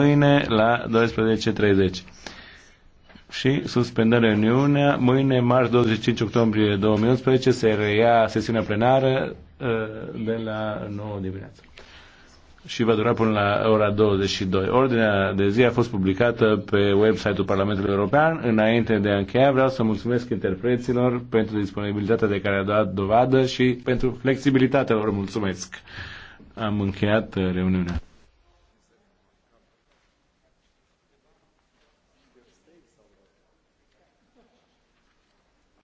mâine la 12.30. Și suspendă reuniunea. Mâine, marți 25 octombrie 2011, se reia sesiunea plenară uh, de la 9 dimineața și va dura până la ora 22. Ordinea de zi a fost publicată pe website-ul Parlamentului European. Înainte de a încheia, vreau să mulțumesc interpreților pentru disponibilitatea de care a dat dovadă și pentru flexibilitatea lor. Mulțumesc! Am încheiat uh, reuniunea. sau